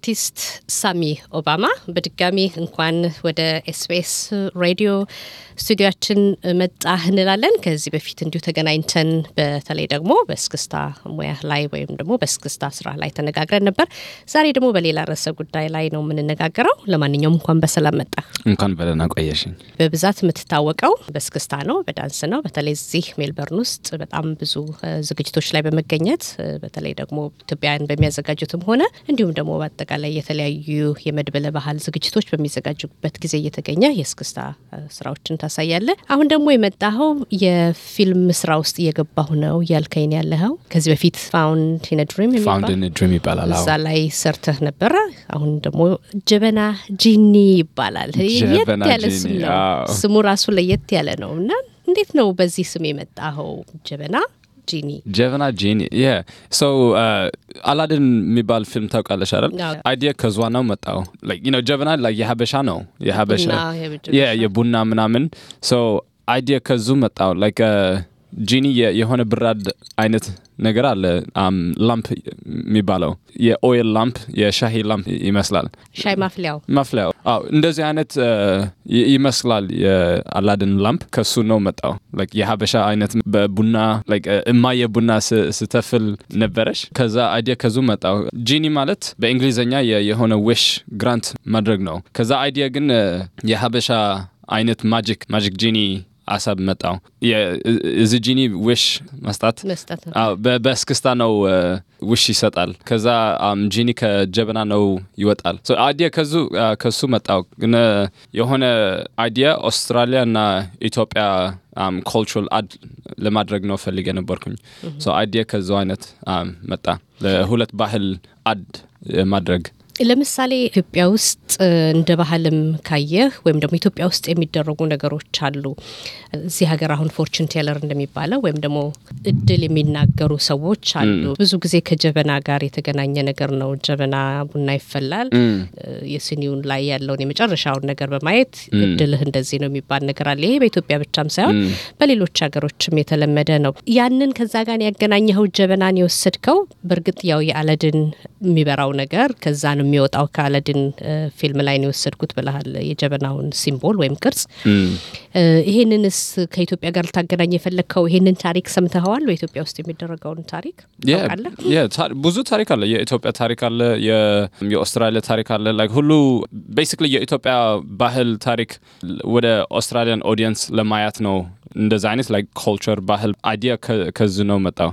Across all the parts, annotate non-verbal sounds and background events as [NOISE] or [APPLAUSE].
አርቲስት ሳሚ ኦባማ በድጋሚ እንኳን ወደ ኤስቢኤስ ሬዲዮ ስቱዲያችን መጣ እንላለን። ከዚህ በፊት እንዲሁ ተገናኝተን በተለይ ደግሞ በእስክስታ ሙያ ላይ ወይም ደግሞ በእስክስታ ስራ ላይ ተነጋግረን ነበር። ዛሬ ደግሞ በሌላ ርዕሰ ጉዳይ ላይ ነው የምንነጋገረው። ለማንኛውም እንኳን በሰላም መጣ። እንኳን በደህና ቆየሽኝ። በብዛት የምትታወቀው በእስክስታ ነው፣ በዳንስ ነው። በተለይ እዚህ ሜልበርን ውስጥ በጣም ብዙ ዝግጅቶች ላይ በመገኘት በተለይ ደግሞ ኢትዮጵያውያን በሚያዘጋጁትም ሆነ እንዲሁም ደግሞ አጠቃላይ የተለያዩ የመድበለ ባህል ዝግጅቶች በሚዘጋጁበት ጊዜ እየተገኘ የእስክስታ ስራዎችን ታሳያለ። አሁን ደግሞ የመጣኸው የፊልም ስራ ውስጥ እየገባሁ ነው ያልከኝ ያለኸው ከዚህ በፊት ፋውንድ ኢን ድሪም ይባላል እዛ ላይ ሰርተህ ነበረ። አሁን ደግሞ ጀበና ጂኒ ይባላል። የት ያለ ስም ነው። ስሙ ራሱ ለየት ያለ ነው እና እንዴት ነው በዚህ ስም የመጣኸው ጀበና ጂኒ ጀበና ጂኒ ሰው አላድን የሚባል ፊልም ታውቃለሽ አይደል? አይዲያ ከዟ ነው መጣው። ጀበና የሀበሻ ነው የሀበሻ የቡና ምናምን አይዲያ ከዙ መጣው። ጂኒ uh, የሆነ ብራድ አይነት ነገር አለ ላምፕ የሚባለው የኦይል ላምፕ የሻሂ ላምፕ ይመስላል። ሻይ ማፍሊያው ማፍሊያው፣ አዎ እንደዚህ አይነት ይመስላል። የአላድን ላምፕ ከሱ ነው መጣው። የሀበሻ አይነት በቡና እማ የቡና ስተፍል ነበረች። ከዛ አይዲያ ከዙ መጣው። ጂኒ ማለት በእንግሊዝኛ የሆነ ዊሽ ግራንት ማድረግ ነው። ከዛ አይዲያ ግን የሀበሻ አይነት ማጂክ ማጂክ ጂኒ አሰብ መጣው እዚ ጂኒ ውሽ መስጣት በእስክስታ ነው ውሽ ይሰጣል። ከዛ ጂኒ ከጀበና ነው ይወጣል። አዲያ ከዙ ከሱ መጣው ግን የሆነ አዲያ ኦስትራሊያ እና ኢትዮጵያ ኮልቹራል አድ ለማድረግ ነው ፈልግ ነበርኩኝ። አዲያ ከዙ አይነት መጣ ለሁለት ባህል አድ ማድረግ ለምሳሌ ኢትዮጵያ ውስጥ እንደ ባህልም ካየህ ወይም ደግሞ ኢትዮጵያ ውስጥ የሚደረጉ ነገሮች አሉ። እዚህ ሀገር አሁን ፎርችን ቴለር እንደሚባለው ወይም ደግሞ እድል የሚናገሩ ሰዎች አሉ። ብዙ ጊዜ ከጀበና ጋር የተገናኘ ነገር ነው። ጀበና ቡና ይፈላል። የስኒውን ላይ ያለውን የመጨረሻውን ነገር በማየት እድልህ እንደዚህ ነው የሚባል ነገር አለ። ይሄ በኢትዮጵያ ብቻም ሳይሆን በሌሎች ሀገሮችም የተለመደ ነው። ያንን ከዛ ጋር ያገናኘኸው ጀበናን የወሰድከው በእርግጥ ያው የአለድን የሚበራው ነገር ከዛ ነው የሚወጣው ከአለድን ፊልም ላይ ነው የወሰድኩት ብልሃል የጀበናውን ሲምቦል ወይም ቅርጽ። ይሄንንስ ከኢትዮጵያ ጋር ልታገናኝ የፈለግከው ይሄንን ታሪክ ሰምተኸዋል? በኢትዮጵያ ውስጥ የሚደረገውን ታሪክ ብዙ ታሪክ አለ። የኢትዮጵያ ታሪክ አለ፣ የኦስትራሊያ ታሪክ አለ። ላይክ ሁሉ ቤሲክሊ የኢትዮጵያ ባህል ታሪክ ወደ ኦስትራሊያን ኦዲየንስ ለማየት ነው። እንደዚ አይነት ላይክ ኮልቸር ባህል አይዲያ ከዝ ነው መጣው።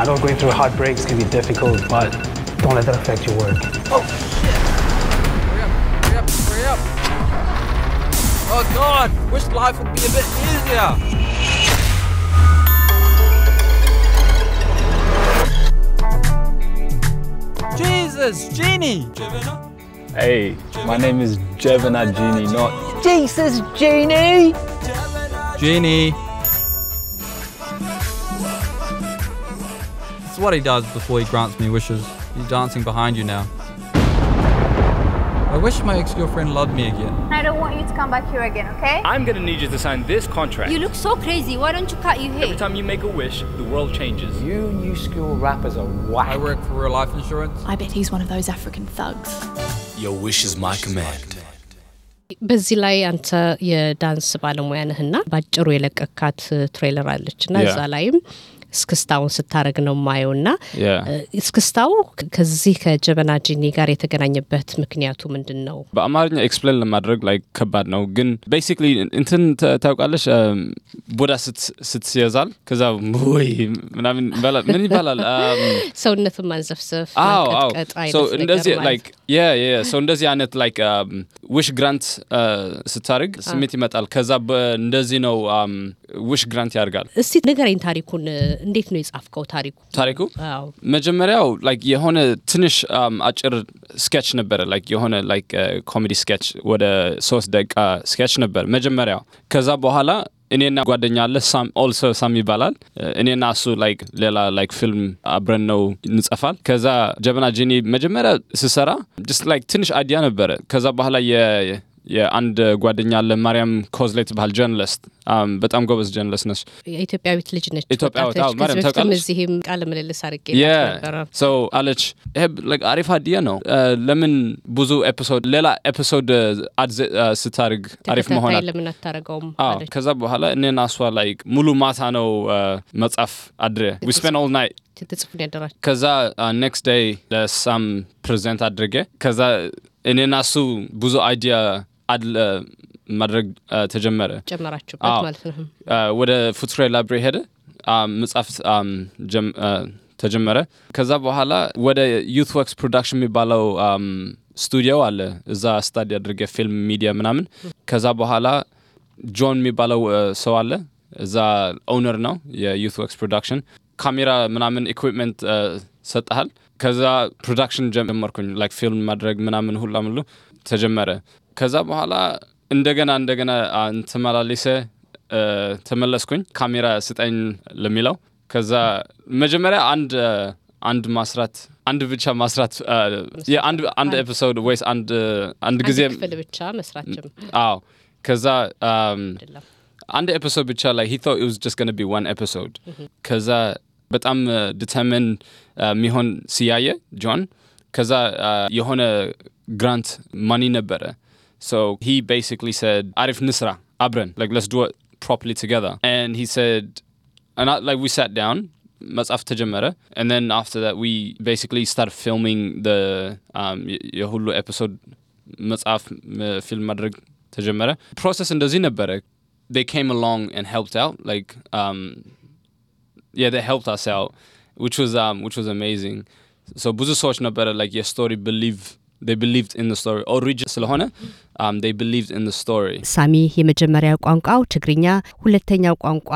I know going through heartbreaks can be difficult, but don't let that affect your work. Oh, shit. Hurry up, hurry up, hurry up. Oh, God. Wish life would be a bit easier. Jesus, Genie! Hey, my name is Jevana Genie, not Jesus, Genie! Genie! what he does before he grants me wishes. He's dancing behind you now. I wish my ex-girlfriend loved me again. I don't want you to come back here again, okay? I'm gonna need you to sign this contract. You look so crazy. Why don't you cut your hair? Every time you make a wish, the world changes. You new school rappers are whack. I work for real life insurance. I bet he's one of those African thugs. Your wish is my command. በዚህ ላይ አንተ የዳንስ ባለሙያ ነህና ባጭሩ የለቀካት ትሬለር አለች እና እዛ ላይም እስክስታውን ስታደረግ ነው ማየው እና እስክስታው ከዚህ ከጀበና ጂኒ ጋር የተገናኘበት ምክንያቱ ምንድን ነው? በአማርኛ ኤክስፕሌን ለማድረግ ላይ ከባድ ነው፣ ግን ቤሲክሊ እንትን ታውቃለሽ፣ ቦዳ ስትስየዛል ከዛ ወይ ምን ይባላል [LAUGHS] ሰውነትን ማንዘፍዘፍ እንደዚህ ሰው እንደዚህ አይነት ላይክ ዊሽ ግራንት ስታደርግ ስሜት ይመጣል። ከዛ እንደዚህ ነው ዊሽ ግራንት ያደርጋል። እስቲ ንገረኝ ታሪኩን እንዴት ነው የጻፍከው ታሪኩ? ታሪኩ መጀመሪያው ላይክ የሆነ ትንሽ um, አጭር ስኬች ነበረ፣ ላይክ የሆነ ላይክ ኮሜዲ ስኬች ወደ ሶስት ደቂቃ ስኬች ነበር መጀመሪያው። ከዛ በኋላ እኔና ጓደኛ አለ ሳም ኦልሶ ሳም ይባላል። እኔና እሱ ላይክ ሌላ ላይክ ፊልም አብረን ነው እንጸፋል። ከዛ ጀበና ጂኒ መጀመሪያ ስሰራ ስ ላይክ ትንሽ አይዲያ ነበረ። ከዛ በኋላ የአንድ ጓደኛ አለ ማርያም ኮዝላ ትባል ጀርናሊስት፣ በጣም ጎበዝ ጀርናሊስት ነች። የኢትዮጵያዊት ልጅ ነች። ኢትዮጵያዊት እዚህም ቃለ ምልልስ አርጌ ሰው አለች አሪፍ አዲየ ነው። ለምን ብዙ ኤፒሶድ ሌላ ኤፒሶድ ስታርግ አሪፍ መሆናል። ለምን አታረገውም? ከዛ በኋላ እኔና እሷ ላይ ሙሉ ማታ ነው መጻፍ አድሬ ዊ ስፔን ኦል ናይት ከዛ ኔክስት ደይ ለሳም ፕሬዘንት አድርጌ ከዛ እኔና እሱ ብዙ አይዲያ ማድረግ ተጀመረ። ጀመራችሁበት ማለት ነው። ወደ ፉቱሬ ላብሪ ሄደ መጽሐፍ ተጀመረ። ከዛ በኋላ ወደ ዩት ወርክስ ፕሮዳክሽን የሚባለው ስቱዲዮ አለ። እዛ ስታዲ አድርገ ፊልም፣ ሚዲያ ምናምን። ከዛ በኋላ ጆን የሚባለው ሰው አለ። እዛ ኦውነር ነው የዩት ወርክስ ፕሮዳክሽን። ካሜራ ምናምን ኢኩዊፕመንት ሰጠሃል። ከዛ ፕሮዳክሽን ጀመርኩኝ። ላይክ ፊልም ማድረግ ምናምን ሁላ ተጀመረ። ከዛ በኋላ እንደገና እንደገና እንትመላለሰ ተመለስኩኝ። ካሜራ ስጠኝ ለሚለው ከዛ መጀመሪያ አንድ አንድ ማስራት አንድ ብቻ ማስራት አንድ ኤፒሶድ ወይስ አንድ ጊዜ ክፍል ብቻ መስራት አዎ ከዛ አንድ ኤፒሶድ ብቻ ላይ ሂቶ ቶት ኢት ዋዝ ቢ ዋን ኤፒሶድ። ከዛ በጣም ድተምን የሚሆን ሲያየ ጆን ከዛ የሆነ ግራንት ማኒ ነበረ So he basically said, Arif Nisra, Abran, like let's do it properly together. And he said, and I, like we sat down, Mazaf تجمرة and then after that we basically started filming the um, يهولو episode Mas'af film مدرج تجمرة process እንደዚህ ነበረ they came along and helped out like um, yeah they helped us out which was um, which was amazing so ብዙ ሰዎች better like your story believe ሳሚ um, የመጀመሪያ ቋንቋው ትግርኛ፣ ሁለተኛው ቋንቋ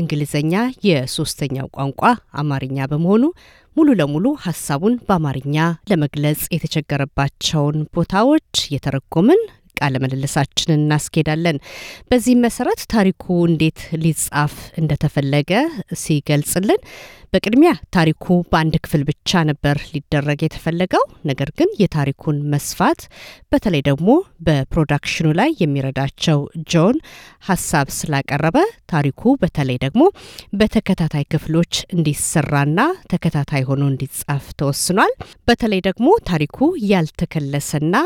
እንግሊዘኛ፣ የሶስተኛው ቋንቋ አማርኛ በመሆኑ ሙሉ ለሙሉ ሀሳቡን በአማርኛ ለመግለጽ የተቸገረባቸውን ቦታዎች የተረጎምን ቃለ ምልልሳችንን እናስኬዳለን። በዚህም መሰረት ታሪኩ እንዴት ሊጻፍ እንደተፈለገ ሲገልጽልን በቅድሚያ ታሪኩ በአንድ ክፍል ብቻ ነበር ሊደረግ የተፈለገው። ነገር ግን የታሪኩን መስፋት በተለይ ደግሞ በፕሮዳክሽኑ ላይ የሚረዳቸው ጆን ሀሳብ ስላቀረበ ታሪኩ በተለይ ደግሞ በተከታታይ ክፍሎች እንዲሰራና ተከታታይ ሆኖ እንዲጻፍ ተወስኗል። በተለይ ደግሞ ታሪኩ ያልተከለሰና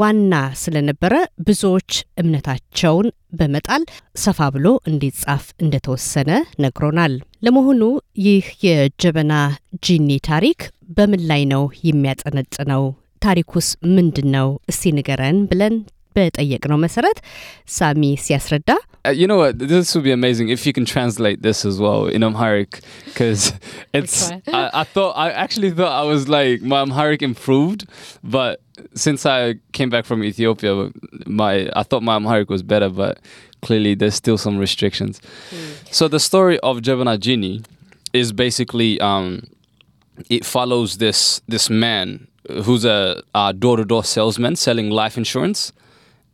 ዋና ስለነበረ ስለነበረ ብዙዎች እምነታቸውን በመጣል ሰፋ ብሎ እንዲጻፍ እንደተወሰነ ነግሮናል። ለመሆኑ ይህ የጀበና ጂኒ ታሪክ በምን ላይ ነው የሚያጠነጥነው? ታሪኩስ ምንድን ነው? እስቲ ንገረን ብለን በጠየቅነው መሰረት ሳሚ ሲያስረዳ Uh, you know what? This would be amazing if you can translate this as well in Amharic, because it's. I, I, thought I actually thought I was like my Amharic improved, but since I came back from Ethiopia, my I thought my Amharic was better, but clearly there's still some restrictions. Mm. So the story of Jebana Jini is basically um, it follows this this man who's a, a door-to-door salesman selling life insurance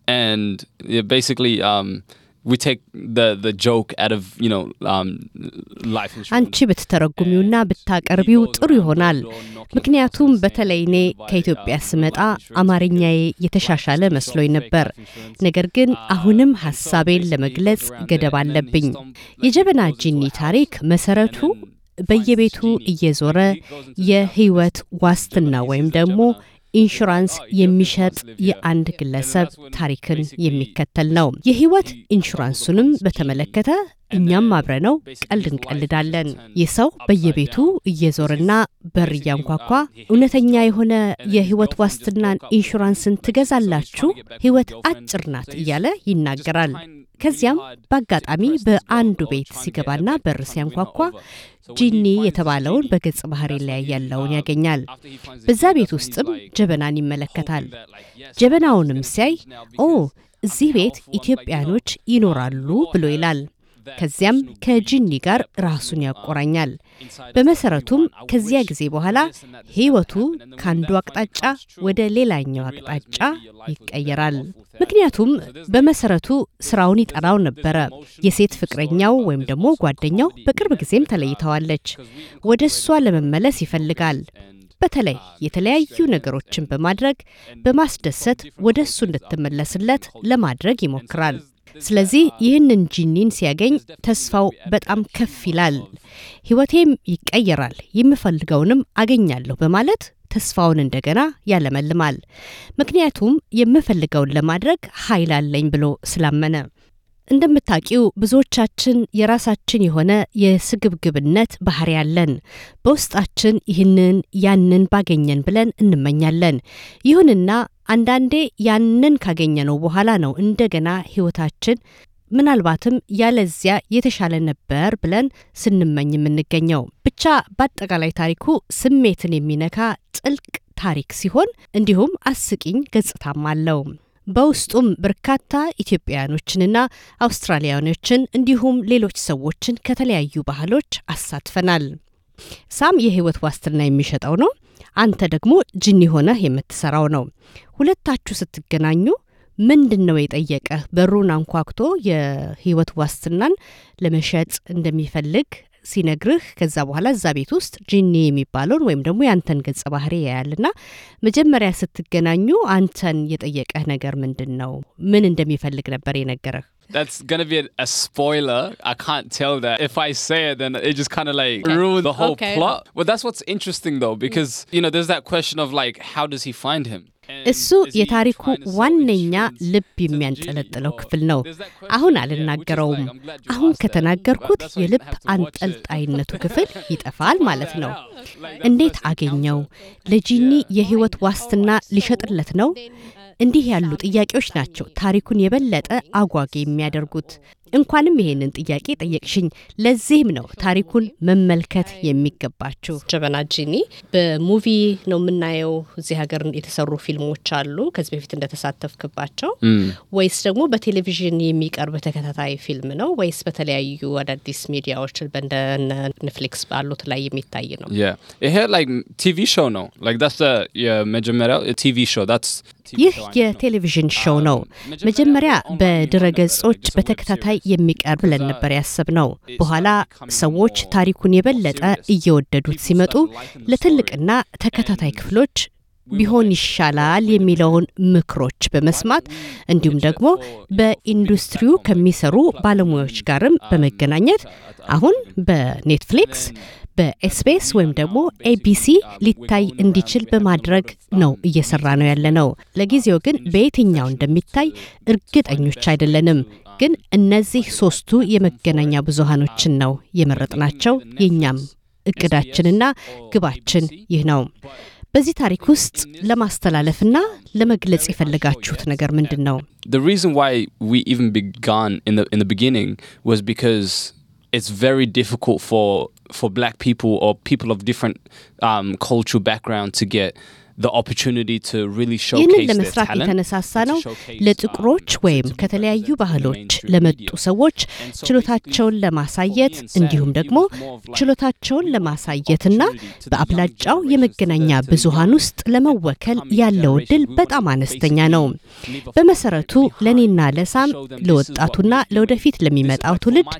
and basically um, we take the the joke out of you know um, life insurance አንቺ ብትተረጉሚውና ብታቀርቢው ጥሩ ይሆናል። ምክንያቱም በተለይ እኔ ከኢትዮጵያ uh, ስመጣ አማርኛዬ የተሻሻለ መስሎኝ ነበር። ነገር ግን uh, አሁንም ሀሳቤን ለመግለጽ ገደብ አለብኝ። የጀበና ጂኒ ታሪክ መሰረቱ በየቤቱ እየዞረ የህይወት ዋስትና ወይም ደግሞ ኢንሹራንስ የሚሸጥ የአንድ ግለሰብ ታሪክን የሚከተል ነው። የህይወት ኢንሹራንሱንም በተመለከተ እኛም አብረነው ቀልድ እንቀልዳለን። ይህ ሰው በየቤቱ እየዞርና በር እያንኳኳ እውነተኛ የሆነ የህይወት ዋስትናን ኢንሹራንስን ትገዛላችሁ፣ ህይወት አጭር ናት እያለ ይናገራል። ከዚያም በአጋጣሚ በአንዱ ቤት ሲገባና በር ሲያንኳኳ ጂኒ የተባለውን በገጽ ባህሪ ላይ ያለውን ያገኛል። በዛ ቤት ውስጥም ጀበናን ይመለከታል። ጀበናውንም ሲያይ ኦ እዚህ ቤት ኢትዮጵያኖች ይኖራሉ ብሎ ይላል። ከዚያም ከጂኒ ጋር ራሱን ያቆራኛል። በመሰረቱም ከዚያ ጊዜ በኋላ ህይወቱ ከአንዱ አቅጣጫ ወደ ሌላኛው አቅጣጫ ይቀየራል። ምክንያቱም በመሰረቱ ስራውን ይጠራው ነበረ። የሴት ፍቅረኛው ወይም ደግሞ ጓደኛው በቅርብ ጊዜም ተለይተዋለች። ወደ እሷ ለመመለስ ይፈልጋል። በተለይ የተለያዩ ነገሮችን በማድረግ በማስደሰት ወደ እሱ እንድትመለስለት ለማድረግ ይሞክራል። ስለዚህ ይህንን ጂኒን ሲያገኝ ተስፋው በጣም ከፍ ይላል። ህይወቴም ይቀየራል፣ የምፈልገውንም አገኛለሁ በማለት ተስፋውን እንደገና ያለመልማል። ምክንያቱም የምፈልገውን ለማድረግ ኃይል አለኝ ብሎ ስላመነ። እንደምታውቂው ብዙዎቻችን የራሳችን የሆነ የስግብግብነት ባህሪ ያለን፣ በውስጣችን ይህንን ያንን ባገኘን ብለን እንመኛለን። ይሁንና አንዳንዴ ያንን ካገኘነው በኋላ ነው እንደገና ህይወታችን ምናልባትም ያለዚያ የተሻለ ነበር ብለን ስንመኝ የምንገኘው። ብቻ በአጠቃላይ ታሪኩ ስሜትን የሚነካ ጥልቅ ታሪክ ሲሆን እንዲሁም አስቂኝ ገጽታም አለው። በውስጡም በርካታ ኢትዮጵያውያኖችንና አውስትራሊያኖችን እንዲሁም ሌሎች ሰዎችን ከተለያዩ ባህሎች አሳትፈናል። ሳም የህይወት ዋስትና የሚሸጠው ነው። አንተ ደግሞ ጅኒ ሆነህ የምትሰራው ነው። ሁለታችሁ ስትገናኙ ምንድን ነው የጠየቀህ? በሩን አንኳኩቶ የህይወት ዋስትናን ለመሸጥ እንደሚፈልግ ሲነግርህ ከዛ በኋላ እዛ ቤት ውስጥ ጂኒ የሚባለውን ወይም ደግሞ ያንተን ገጸ ባህሪ ያያልና መጀመሪያ ስትገናኙ አንተን የጠየቀህ ነገር ምንድን ነው? ምን እንደሚፈልግ ነበር የነገረህ? That's going to be a spoiler. I can't tell that. If I say it, then it just kind of like okay. ruins the whole okay. plot. But Well, that's what's interesting though, because, you know, there's that question of like, how does he find him? እሱ የታሪኩ ዋነኛ ልብ የሚያንጠለጥለው ክፍል ነው። አሁን አልናገረውም። አሁን ከተናገርኩት የልብ አንጠልጣይነቱ ክፍል ይጠፋል ማለት ነው። እንዴት አገኘው? ለጂኒ የህይወት ዋስትና ሊሸጥለት ነው? እንዲህ ያሉ ጥያቄዎች ናቸው ታሪኩን የበለጠ አጓጊ የሚያደርጉት። እንኳንም ይሄንን ጥያቄ ጠየቅሽኝ። ለዚህም ነው ታሪኩን መመልከት የሚገባችሁ። ጀበና ጂኒ በሙቪ ነው የምናየው። እዚህ ሀገር የተሰሩ ፊልሞች አሉ ከዚህ በፊት እንደተሳተፍክባቸው፣ ወይስ ደግሞ በቴሌቪዥን የሚቀርብ ተከታታይ ፊልም ነው ወይስ በተለያዩ አዳዲስ ሚዲያዎች በእንደ ኔትፍሊክስ ባሉት ላይ የሚታይ ነው? ይሄ ቲቪ ሾው ነው። የመጀመሪያው ቲቪ ሾው ይህ የቴሌቪዥን ሾው ነው። መጀመሪያ በድረገጾች በተከታታይ የሚቀርብ ብለን ነበር ነው በኋላ ሰዎች ታሪኩን የበለጠ እየወደዱት ሲመጡ ለትልቅና ተከታታይ ክፍሎች ቢሆን ይሻላል የሚለውን ምክሮች በመስማት እንዲሁም ደግሞ በኢንዱስትሪው ከሚሰሩ ባለሙያዎች ጋርም በመገናኘት አሁን በኔትፍሊክስ በኤስቢኤስ ወይም ደግሞ ኤቢሲ ሊታይ እንዲችል በማድረግ ነው እየሰራ ነው ያለ ነው። ለጊዜው ግን በየትኛው እንደሚታይ እርግጠኞች አይደለንም። ግን እነዚህ ሶስቱ የመገናኛ ብዙሃኖችን ነው የመረጥናቸው። የእኛም እቅዳችንና ግባችን ይህ ነው። በዚህ ታሪክ ውስጥ ለማስተላለፍና ለመግለጽ የፈለጋችሁት ነገር ምንድን ነው? It's very difficult for for black people or people of different um, cultural background to get ይህንን ለመስራት የተነሳሳ ነው ለጥቁሮች ወይም ከተለያዩ ባህሎች ለመጡ ሰዎች ችሎታቸውን ለማሳየት እንዲሁም ደግሞ ችሎታቸውን ለማሳየትና በአብላጫው የመገናኛ uh, ብዙሃን ውስጥ ለመወከል ያለው እድል በጣም አነስተኛ ነው። በመሰረቱ ለእኔና ለሳም ለወጣቱና ለወደፊት ለሚመጣው ትውልድ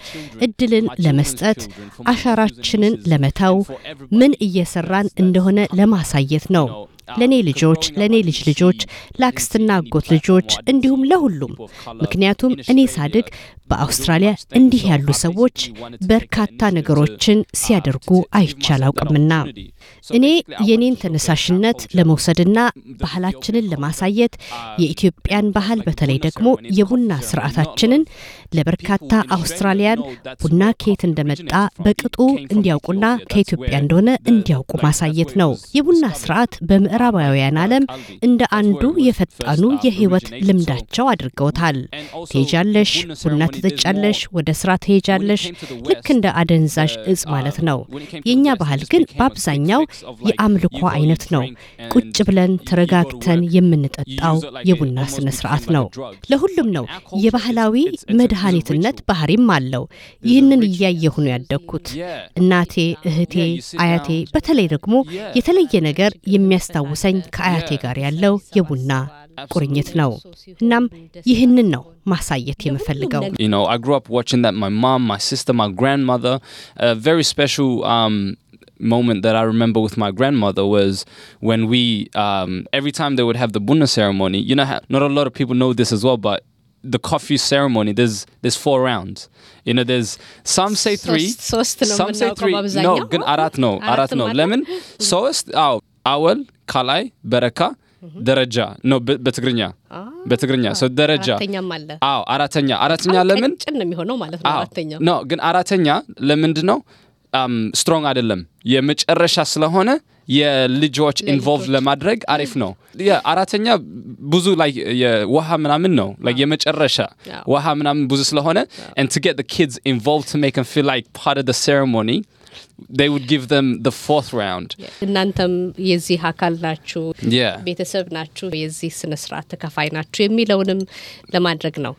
እድልን ለመስጠት አሻራችንን ለመተው ምን እየሰራን እንደሆነ ለማሳየት ነው። ለእኔ ልጆች፣ ለእኔ ልጅ ልጆች፣ ለአክስትና አጎት ልጆች እንዲሁም ለሁሉም። ምክንያቱም እኔ ሳድግ በአውስትራሊያ እንዲህ ያሉ ሰዎች በርካታ ነገሮችን ሲያደርጉ አይቼ አላውቅምና እኔ የኔን ተነሳሽነት ለመውሰድና ባህላችንን ለማሳየት የኢትዮጵያን ባህል በተለይ ደግሞ የቡና ስርዓታችንን ለበርካታ አውስትራሊያን ቡና ከየት እንደመጣ በቅጡ እንዲያውቁና ከኢትዮጵያ እንደሆነ እንዲያውቁ ማሳየት ነው። የቡና ስርዓት በምዕራባውያን ዓለም እንደ አንዱ የፈጣኑ uh, የህይወት ልምዳቸው አድርገውታል። ትሄጃለሽ፣ ቡና ትጠጫለሽ፣ ወደ ስራ ትሄጃለሽ። ልክ እንደ አደንዛዥ uh, እጽ ማለት uh, ነው። የእኛ ባህል ግን በአብዛኛው የአምልኮ አይነት ነው። ቁጭ ብለን ተረጋግተን የምንጠጣው የቡና ስነ ስርዓት ነው። ለሁሉም ነው የባህላዊ መድ መድኃኒትነት ባህሪም አለው። ይህንን እያየሁ ነው ያደግኩት። እናቴ፣ እህቴ፣ አያቴ በተለይ ደግሞ የተለየ ነገር የሚያስታውሰኝ ከአያቴ ጋር ያለው የቡና ቁርኝት ነው። እናም ይህንን ነው ማሳየት የምፈልገው። moment that I remember with my grandmother was when we, um, every time they would have the Bunna ceremony, you know, not a lot of people know this as well, but the coffee ceremony there's there's four rounds you know there's some say three some say three no ግን አራት ነው አራት ነው ለምን [LAUGHS] ሶስት አዎ አወል ካላይ በረካ ደረጃ ነው በትግርኛ በትግርኛ ሰው ደረጃ አዎ አራተኛ አራተኛ ለምን ነው ግን አራተኛ ለምንድ ነው ስትሮንግ አይደለም የመጨረሻ ስለሆነ የልጆች ኢንቮልቭ ለማድረግ አሪፍ ነው። አራተኛ ብዙ ላይ ውሃ ምናምን ነው የመጨረሻ ውሃ ምናምን ብዙ ስለሆነ and to get the kids involved to make them feel like part of the ceremony they would give them the fourth round እናንተም የዚህ አካል ናችሁ ቤተሰብ ናችሁ የዚህ ስነ ስርዓት ተካፋይ ናችሁ የሚለውንም ለማድረግ ነው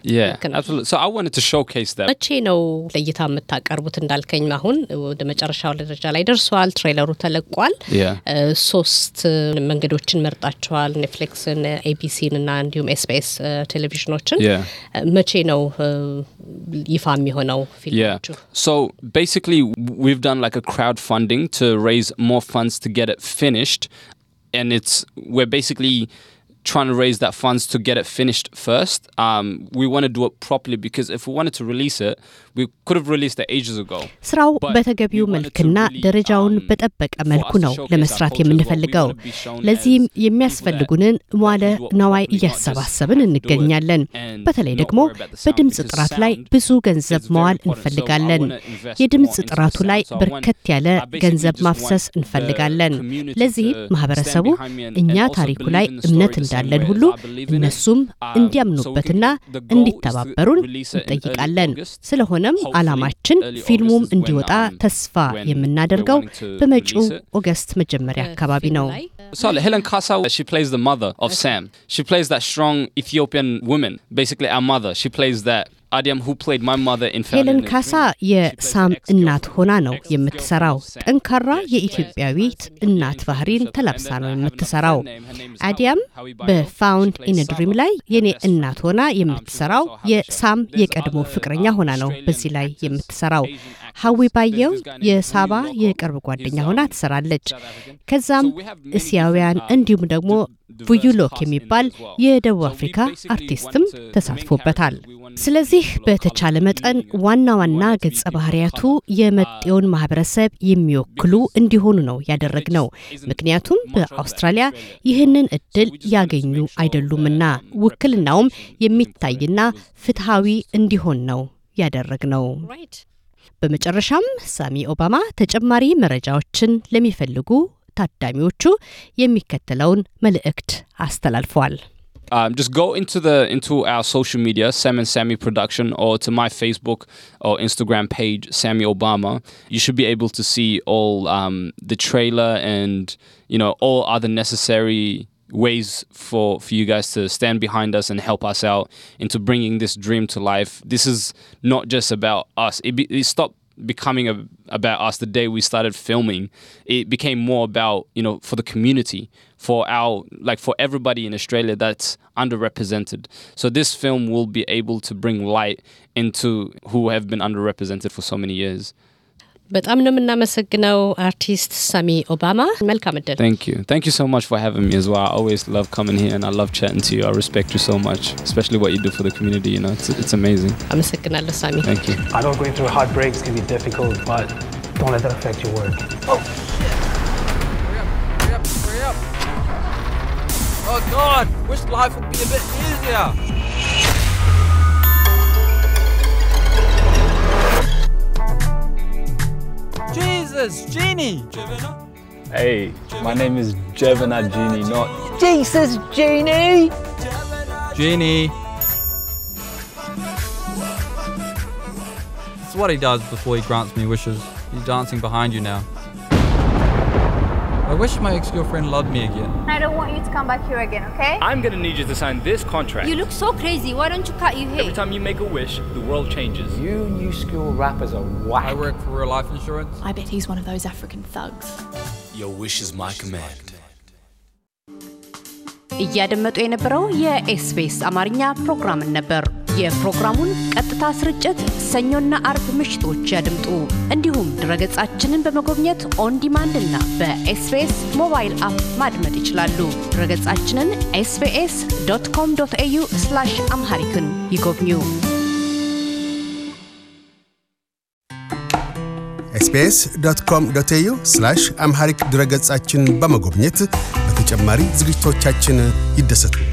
መቼ ነው ለእይታ የምታቀርቡት እንዳልከኝ አሁን ወደ መጨረሻው ደረጃ ላይ ደርሰዋል ትሬለሩ ተለቋል ሶስት መንገዶችን መርጣችኋል ኔትፍሊክስን ኤቢሲን እና እንዲሁም ኤስቢኤስ ቴሌቪዥኖችን መቼ ነው ይፋ የሚሆነው ፊልማችሁ So basically, we've done like a crowdfunding to raise more funds to get it finished. And it's we're basically trying to raise that funds to get it finished first. Um, we want to do it properly because if we wanted to release it, ስራው በተገቢው መልክና ደረጃውን um, በጠበቀ መልኩ ነው ለመስራት የምንፈልገው። ለዚህም የሚያስፈልጉንን ሟለ ነዋይ እያሰባሰብን እንገኛለን። በተለይ ደግሞ በድምፅ ጥራት ላይ ብዙ ገንዘብ መዋል እንፈልጋለን። የድምፅ ጥራቱ ላይ በርከት ያለ ገንዘብ ማፍሰስ እንፈልጋለን። ለዚህም ማህበረሰቡ እኛ ታሪኩ ላይ እምነት እንዳለን ሁሉ እነሱም um, እንዲያምኑበትና እንዲተባበሩን እንጠይቃለን። ስለሆነ ስለሆነም አላማችን ፊልሙም እንዲወጣ ተስፋ የምናደርገው በመጪው ኦገስት መጀመሪያ አካባቢ ነው። ሄለን ካሳው ፕሌይዝ ዘ ማዘር ኦፍ ሳም ፕሌይዝ ዛት ስትሮንግ ኢትዮጵያን ውመን ቤሲክሊ አወር ማዘር ፕሌይዝ ሄለን ካሳ የሳም እናት ሆና ነው የምትሰራው። ጠንካራ የኢትዮጵያዊት እናት ባህሪን ተላብሳ ነው የምትሰራው። አዲያም በፋውንድ ኢን ድሪም ላይ የኔ እናት ሆና um, የምትሰራው የሳም የቀድሞ ፍቅረኛ um, ሆና ነው በዚህ ላይ የምትሰራው። ሀዊ ባየው የሳባ የቅርብ ጓደኛ um, ሆና ትሰራለች። ከዛም እስያውያን እንዲሁም ደግሞ ቡዩሎክ የሚባል የደቡብ አፍሪካ አርቲስትም ተሳትፎበታል። ስለዚህ በተቻለ መጠን ዋና ዋና ገጸ ባህሪያቱ የመጤውን ማህበረሰብ የሚወክሉ እንዲሆኑ ነው ያደረግነው። ምክንያቱም በአውስትራሊያ ይህንን እድል ያገኙ አይደሉምና ውክልናውም የሚታይና ፍትሐዊ እንዲሆን ነው ያደረግነው። በመጨረሻም ሳሚ ኦባማ ተጨማሪ መረጃዎችን ለሚፈልጉ ታዳሚዎቹ የሚከተለውን መልእክት አስተላልፏል። Um, just go into the into our social media, Sam and Sammy Production, or to my Facebook or Instagram page, Sammy Obama. You should be able to see all um, the trailer and you know all other necessary ways for for you guys to stand behind us and help us out into bringing this dream to life. This is not just about us. It, be, it stop becoming a, about us the day we started filming it became more about you know for the community for our like for everybody in australia that's underrepresented so this film will be able to bring light into who have been underrepresented for so many years but I'm no በጣም ነው የምናመሰግነው አርቲስት ሳሚ ኦባማ መልካም እድል thank you thank you so much for having me as well i always love coming here and i love chatting to you i respect you so much especially what you do for the community you know it's, amazing. it's amazing አመሰግናለሁ ሳሚ thank you i know going through heartbreaks can be difficult but don't let that affect your work oh shit! Oh God, wish life would be a bit easier. Jesus, Genie! Hey, my name is Jevena Genie, not Jesus Genie! Genie! It's what he does before he grants me wishes. He's dancing behind you now. I wish my ex girlfriend loved me again want you to come back here again, okay? I'm gonna need you to sign this contract. You look so crazy. Why don't you cut your hair? Every time you make a wish, the world changes. You new school rappers are whack. I work for real life insurance. I bet he's one of those African thugs. Your wish is my command. እያደመጡ የነበረው የኤስቢኤስ አማርኛ ፕሮግራምን ነበር። የፕሮግራሙን ቀጥታ ስርጭት ሰኞና አርብ ምሽቶች ያድምጡ። እንዲሁም ድረገጻችንን በመጎብኘት ኦን ዲማንድ እና በኤስቢኤስ ሞባይል አፕ ማድመጥ ይችላሉ። ድረገጻችንን ኤስቢኤስ ዶት ኮም ዶት ኤዩ አምሃሪክን ይጎብኙ። ኤስቢኤስ ዶት ኮም ዶት ኤዩ አምሃሪክ ድረገጻችን በመጎብኘት በተጨማሪ ዝግጅቶቻችን ይደሰቱ።